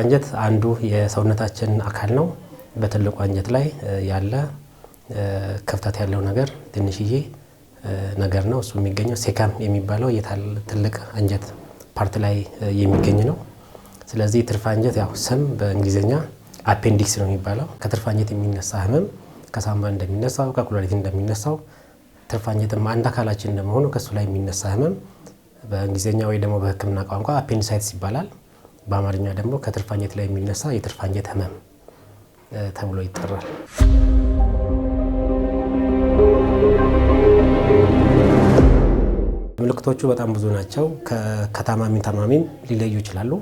አንጀት አንዱ የሰውነታችን አካል ነው። በትልቁ አንጀት ላይ ያለ ክፍተት ያለው ነገር ትንሽዬ ነገር ነው። እሱ የሚገኘው ሴካም የሚባለው ትልቅ አንጀት ፓርት ላይ የሚገኝ ነው። ስለዚህ ትርፍ አንጀት ያው ስም በእንግሊዝኛ አፔንዲክስ ነው የሚባለው። ከትርፍ አንጀት የሚነሳ ህመም ከሳምባ እንደሚነሳው ከኩላሊት እንደሚነሳው ትርፍ አንጀትም አንድ አካላችን እንደመሆኑ ከእሱ ላይ የሚነሳ ህመም በእንግሊዝኛ ወይ ደግሞ በህክምና ቋንቋ አፔንዲሳይትስ ይባላል። በአማርኛ ደግሞ ከትርፋኘት ላይ የሚነሳ የትርፋኘት ህመም ተብሎ ይጠራል። ምልክቶቹ በጣም ብዙ ናቸው። ከታማሚ ታማሚም ሊለዩ ይችላሉ።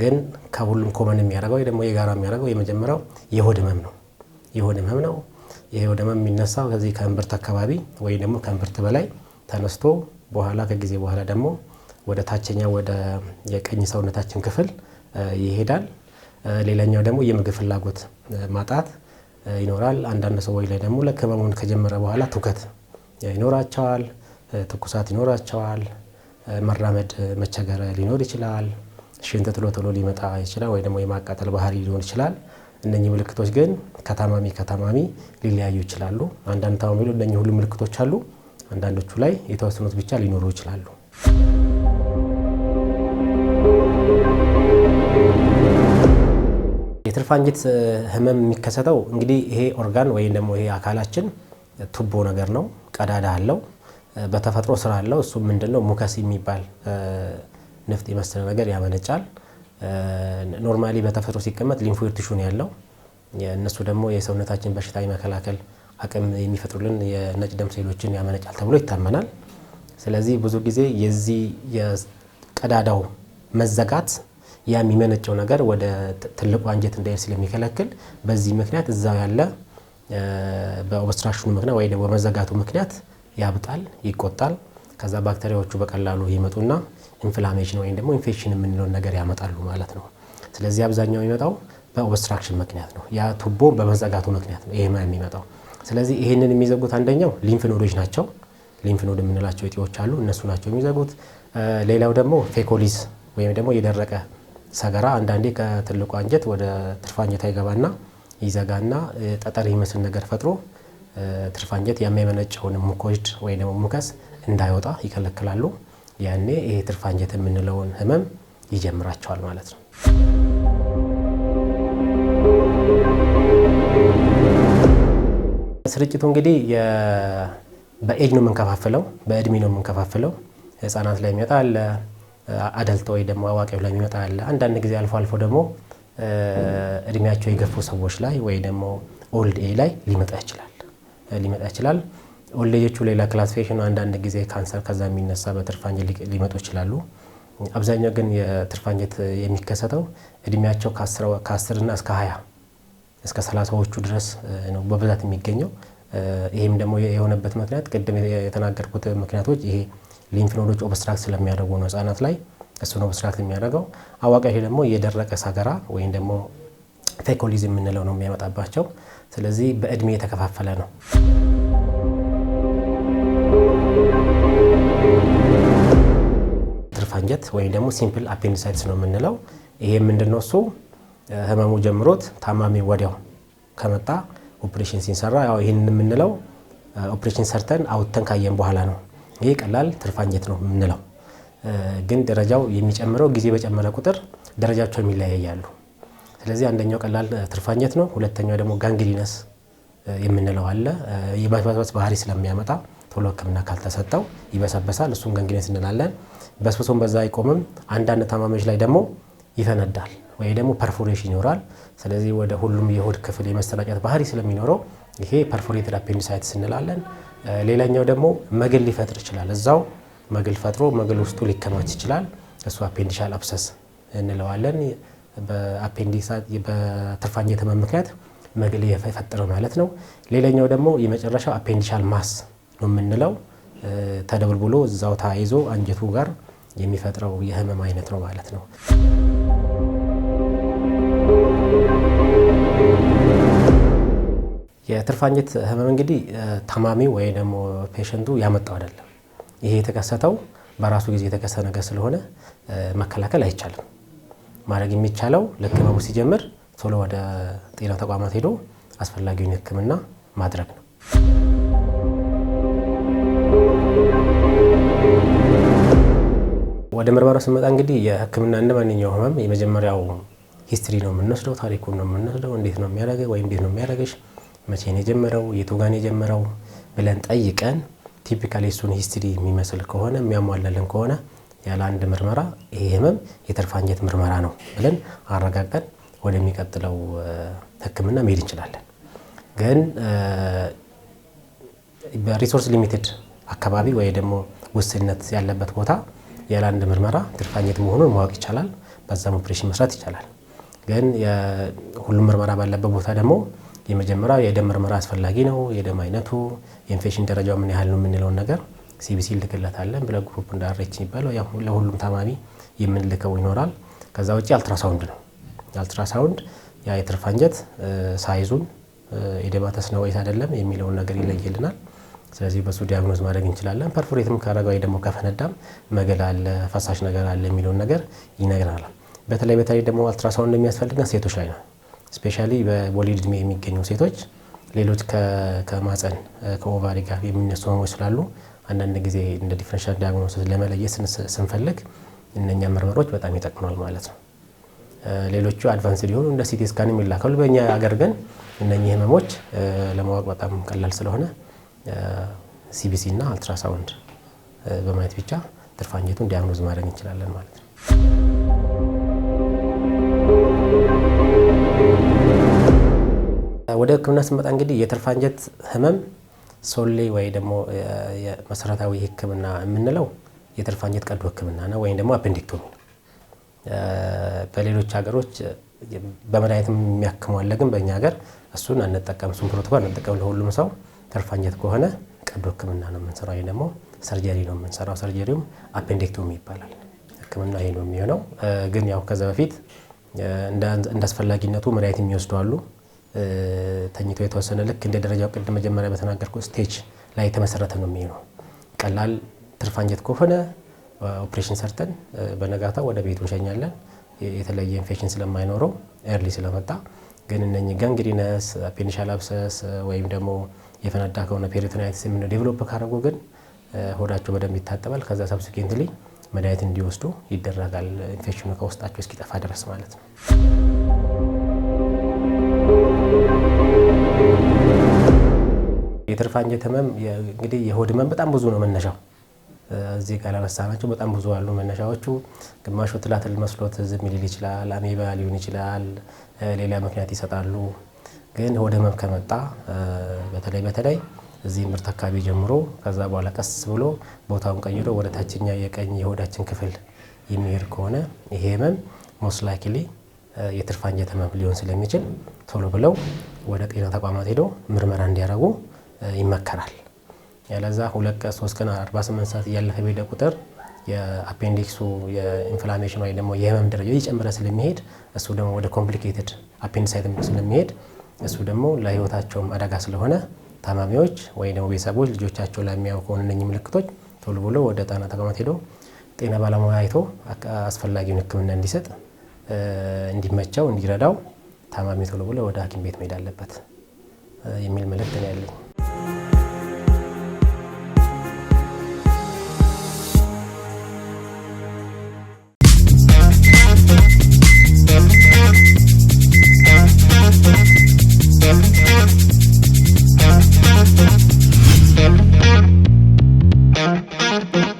ግን ከሁሉም ኮመን የሚያደርገው ደግሞ የጋራ የሚያደርገው የመጀመሪያው የሆድ ህመም ነው። የሆድ ህመም ነው። የሆድ ህመም የሚነሳው ከዚህ ከእምብርት አካባቢ ወይም ደግሞ ከእምብርት በላይ ተነስቶ በኋላ ከጊዜ በኋላ ደግሞ ወደ ታችኛው ወደ የቀኝ ሰውነታችን ክፍል ይሄዳል። ሌላኛው ደግሞ የምግብ ፍላጎት ማጣት ይኖራል። አንዳንድ ሰዎች ላይ ደግሞ ልክ ህመሙን ከጀመረ በኋላ ትውከት ይኖራቸዋል፣ ትኩሳት ይኖራቸዋል፣ መራመድ መቸገር ሊኖር ይችላል፣ ሽንት ትሎ ሊመጣ ይችላል፣ ወይ ደግሞ የማቃጠል ባህሪ ሊኖር ይችላል። እነኚህ ምልክቶች ግን ከታማሚ ከታማሚ ሊለያዩ ይችላሉ። አንዳንድ ታማሚ እነኚህ ሁሉ ምልክቶች አሉ። አንዳንዶቹ ላይ የተወሰኑት ብቻ ሊኖሩ ይችላሉ። የትርፍ አንጀት ህመም የሚከሰተው እንግዲህ ይሄ ኦርጋን ወይም ደግሞ ይሄ አካላችን ቱቦ ነገር ነው፣ ቀዳዳ አለው፣ በተፈጥሮ ስራ አለው። እሱ ምንድን ነው? ሙከስ የሚባል ንፍጥ የመሰለ ነገር ያመነጫል። ኖርማሊ በተፈጥሮ ሲቀመጥ ሊንፎይድ ቲሹ ነው ያለው። እነሱ ደግሞ የሰውነታችን በሽታ የመከላከል አቅም የሚፈጥሩልን የነጭ ደም ሴሎችን ያመነጫል ተብሎ ይታመናል። ስለዚህ ብዙ ጊዜ የዚህ የቀዳዳው መዘጋት ያ የሚመነጨው ነገር ወደ ትልቁ አንጀት እንዳይሄድ ስለሚከለክል በዚህ ምክንያት እዛው ያለ በኦብስትራክሽኑ ምክንያት ወይ በመዘጋቱ ምክንያት ያብጣል፣ ይቆጣል። ከዛ ባክቴሪያዎቹ በቀላሉ ይመጡና ኢንፍላሜሽን ወይም ደግሞ ኢንፌክሽን የምንለውን ነገር ያመጣሉ ማለት ነው። ስለዚህ አብዛኛው የሚመጣው በኦብስትራክሽን ምክንያት ነው። ያ ቱቦ በመዘጋቱ ምክንያት ነው ይሄማ የሚመጣው። ስለዚህ ይሄንን የሚዘጉት አንደኛው ሊምፍ ኖዶች ናቸው። ሊምፍ ኖድ የምንላቸው እጢዎች አሉ፣ እነሱ ናቸው የሚዘጉት። ሌላው ደግሞ ፌኮሊስ ወይም ደግሞ የደረቀ ሰገራ አንዳንዴ ከትልቁ አንጀት ወደ ትርፋንጀት አይገባና ይዘጋና ጠጠር ይመስል ነገር ፈጥሮ ትርፋንጀት የሚመነጨውን ሙኮጅድ ወይ ደግሞ ሙከስ እንዳይወጣ ይከለክላሉ። ያኔ ይሄ ትርፋንጀት የምንለውን ህመም ይጀምራቸዋል ማለት ነው። ስርጭቱ እንግዲህ በኤጅ ነው የምንከፋፍለው፣ በእድሜ ነው የምንከፋፍለው። ህፃናት ላይ የሚመጣ አለ አደልቶ ወይ ደግሞ አዋቂው ላይ የሚመጣ ያለ አንዳንድ ጊዜ አልፎ አልፎ ደግሞ እድሜያቸው የገፉ ሰዎች ላይ ወይ ደግሞ ኦልድ ኤ ላይ ሊመጣ ይችላል ሊመጣ ይችላል። ኦልድ ኤጆቹ ሌላ ክላሲፊኬሽኑ አንዳንድ ጊዜ ካንሰር ከዛ የሚነሳ በትርፋንጀ ሊመጡ ይችላሉ። አብዛኛው ግን የትርፋንጀት የሚከሰተው እድሜያቸው ከአስር እና እስከ ሀያ እስከ ሰላሳዎቹ ድረስ ነው በብዛት የሚገኘው። ይህም ደግሞ የሆነበት ምክንያት ቅድም የተናገርኩት ምክንያቶች ይሄ ሊንፍ ኖዶች ኦብስትራክት ስለሚያደርጉ ነው ህጻናት ላይ እሱን ኦብስትራክት የሚያደርገው። አዋቂ ደግሞ የደረቀ ሰገራ ወይም ደግሞ ፌኮሊዝ የምንለው ነው የሚያመጣባቸው። ስለዚህ በእድሜ የተከፋፈለ ነው። ትርፍ አንጀት ወይም ደግሞ ሲምፕል አፔንዲሳይትስ ነው የምንለው። ይሄ ምንድነው? እሱ ህመሙ ጀምሮት ታማሚ ወዲያው ከመጣ ኦፕሬሽን ሲንሰራ ያው ይህን የምንለው ኦፕሬሽን ሰርተን አውጥተን ካየን በኋላ ነው። ይህ ቀላል ትርፍ ማግኘት ነው የምንለው። ግን ደረጃው የሚጨምረው ጊዜ በጨመረ ቁጥር ደረጃቸው የሚለያያሉ። ስለዚህ አንደኛው ቀላል ትርፍ ማግኘት ነው። ሁለተኛው ደግሞ ጋንግሪነስ የምንለው አለ። የመበስበስ ባህሪ ስለሚያመጣ ቶሎ ሕክምና ካልተሰጠው ይበሰበሳል። እሱን ጋንግሪነስ እንላለን። በስብሶም በዛ አይቆምም። አንዳንድ ታማሚዎች ላይ ደግሞ ይፈነዳል ወይ ደግሞ ፐርፎሬሽን ይኖራል። ስለዚህ ወደ ሁሉም የሆድ ክፍል የመሰራጨት ባህሪ ስለሚኖረው ይሄ ፐርፎሬትድ አፔንዲሳይትስ እንላለን። ሌላኛው ደግሞ መግል ሊፈጥር ይችላል። እዛው መግል ፈጥሮ መግል ውስጡ ሊከማች ይችላል። እሱ አፔንዲሻል አብሰስ እንለዋለን። በትርፋኝ ህመም ምክንያት መግል የፈጠረ ማለት ነው። ሌላኛው ደግሞ የመጨረሻው አፔንዲሻል ማስ ነው የምንለው ተደብልብሎ እዛው ተያይዞ አንጀቱ ጋር የሚፈጥረው የህመም አይነት ነው ማለት ነው። የትርፍ አንጀት ህመም እንግዲህ ታማሚ ወይ ደግሞ ፔሸንቱ ያመጣው አይደለም። ይሄ የተከሰተው በራሱ ጊዜ የተከሰተ ነገር ስለሆነ መከላከል አይቻልም። ማድረግ የሚቻለው ልክ ህመሙ ሲጀምር ቶሎ ወደ ጤና ተቋማት ሄዶ አስፈላጊውን ህክምና ማድረግ ነው። ወደ ምርመራው ስንመጣ እንግዲህ የህክምና እንደ ማንኛው ህመም የመጀመሪያው ሂስትሪ ነው የምንወስደው፣ ታሪኩን ነው የምንወስደው። እንዴት ነው የሚያደርገ ወይም እንዴት ነው የሚያደርግሽ መቼ ነው የጀመረው፣ የቱ ጋር ነው የጀመረው ብለን ጠይቀን ቲፒካል የሱን ሂስትሪ የሚመስል ከሆነ የሚያሟላልን ከሆነ ያለ አንድ ምርመራ ይሄ ህመም የትርፍ አንጀት ምርመራ ነው ብለን አረጋግጠን ወደሚቀጥለው ህክምና መሄድ እንችላለን። ግን በሪሶርስ ሊሚትድ አካባቢ ወይ ደግሞ ውስንነት ያለበት ቦታ ያለ አንድ ምርመራ ትርፍ አንጀት መሆኑን ማወቅ ይቻላል። በዛም ኦፕሬሽን መስራት ይቻላል። ግን ሁሉም ምርመራ ባለበት ቦታ ደግሞ የመጀመሪያው የደም ምርመራ አስፈላጊ ነው። የደም አይነቱ፣ የኢንፌክሽን ደረጃው ምን ያህል ነው የምንለውን ነገር ሲቢሲ እንልክለታለን። ብለ ግሩፕ እንደ የሚባለው ለሁሉም ታማሚ የምንልከው ይኖራል። ከዛ ውጭ አልትራሳውንድ ነው። አልትራሳውንድ ያ የትርፍ አንጀት ሳይዙን ኤዴማተስ ነው ወይስ አይደለም የሚለውን ነገር ይለይልናል። ስለዚህ በሱ ዲያግኖዝ ማድረግ እንችላለን። ፐርፎሬትም ካረገ ወይ ደግሞ ከፈነዳም መገል አለ፣ ፈሳሽ ነገር አለ የሚለውን ነገር ይነግራል። በተለይ በተለይ ደግሞ አልትራሳውንድ የሚያስፈልገን ሴቶች ላይ ነው። ስፔሻሊ በወሊድ እድሜ የሚገኙ ሴቶች ሌሎች ከማፀን ከኦቫሪ ጋር የሚነሱ ህመሞች ስላሉ አንዳንድ ጊዜ እንደ ዲፍረንሻል ዲያግኖሲስ ለመለየት ስንፈልግ እነኛ ምርመሮች በጣም ይጠቅማል ማለት ነው። ሌሎቹ አድቫንስ ሊሆኑ እንደ ሲቲ ስካን የሚላከሉ በእኛ አገር ግን እነኚህ ህመሞች ለማወቅ በጣም ቀላል ስለሆነ ሲቢሲ እና አልትራሳውንድ በማየት ብቻ ትርፍ አንጀቱን ዲያግኖዝ ማድረግ እንችላለን ማለት ነው። ወደ ህክምና ስንመጣ እንግዲህ የትርፍ አንጀት ህመም ሶሌ ወይ ደግሞ መሰረታዊ ህክምና የምንለው የትርፍ አንጀት ቀዶ ሕክምና ነው ወይም ደግሞ አፔንዲክቶሚ ነው። በሌሎች ሀገሮች በመድኃኒትም የሚያክሙ አለ፣ ግን በእኛ ሀገር እሱን አንጠቀም፣ እሱን ፕሮቶኮል አንጠቀም። ለሁሉም ሰው ትርፍ አንጀት ከሆነ ቀዶ ህክምና ነው የምንሰራው ወይም ደግሞ ሰርጀሪ ነው የምንሰራው። ሰርጀሪውም አፔንዲክቶሚ ይባላል። ህክምና ይሄ ነው የሚሆነው። ግን ያው ከዛ በፊት እንደ አስፈላጊነቱ መድኃኒት የሚወስዱ አሉ። ተኝቶ የተወሰነ ልክ እንደ ደረጃው ቅድ መጀመሪያ በተናገርኩ ስቴጅ ላይ የተመሰረተ ነው የሚሆነው። ቀላል ትርፍ አንጀት ከሆነ ኦፕሬሽን ሰርተን በነጋታ ወደ ቤቱ እንሸኛለን። የተለየ ኢንፌክሽን ስለማይኖረው ኤርሊ ስለመጣ ግን እነኚህ ጋንግሪነስ፣ ፔኒሻል አብሰስ ወይም ደግሞ የፈነዳ ከሆነ ፔሪቶናይትስ የምንለው ዴቨሎፕ ካደረጉ ግን ሆዳቸው በደንብ ይታጠባል። ከዛ ሰብስኬንትሊ መድኃኒት እንዲወስዱ ይደረጋል። ኢንፌክሽኑ ከውስጣቸው እስኪጠፋ ድረስ ማለት ነው። የትርፍ አንጀት ህመም እንግዲህ የሆድ ህመም በጣም ብዙ ነው መነሻው። እዚህ ጋር ያነሳናቸው በጣም ብዙ አሉ መነሻዎቹ። ግማሹ ትላትል መስሎት ዝም ሊል ይችላል፣ አሜባ ሊሆን ይችላል፣ ሌላ ምክንያት ይሰጣሉ። ግን ሆድ ህመም ከመጣ በተለይ በተለይ እዚህ ምርት አካባቢ ጀምሮ ከዛ በኋላ ቀስ ብሎ ቦታውን ቀይሮ ወደ ታችኛ የቀኝ የሆዳችን ክፍል የሚሄድ ከሆነ ይሄ ህመም ሞስት የትርፍ አንጀት ህመም ሊሆን ስለሚችል ቶሎ ብለው ወደ ጤና ተቋማት ሄደው ምርመራ እንዲያደርጉ ይመከራል። ያለዛ ሁለት ቀን ሶስት ቀን 48 ሰዓት እያለፈ በሄደ ቁጥር የአፔንዲክሱ የኢንፍላሜሽን ወይ ደግሞ የህመም ደረጃ እየጨመረ ስለሚሄድ እሱ ደግሞ ወደ ኮምፕሊኬትድ አፔንዲሳይት ስለሚሄድ እሱ ደግሞ ለህይወታቸውም አደጋ ስለሆነ ታማሚዎች ወይ ደግሞ ቤተሰቦች ልጆቻቸው ላይ የሚያው ከሆኑ እነኚህ ምልክቶች ቶሎ ብሎ ወደ ጤና ተቋማት ሄዶ ጤና ባለሙያ አይቶ አስፈላጊውን ህክምና እንዲሰጥ እንዲመቸው እንዲረዳው ታማሚ ቶሎ ብሎ ወደ ሐኪም ቤት መሄድ አለበት የሚል መልእክት ነው ያለኝ። Thank you.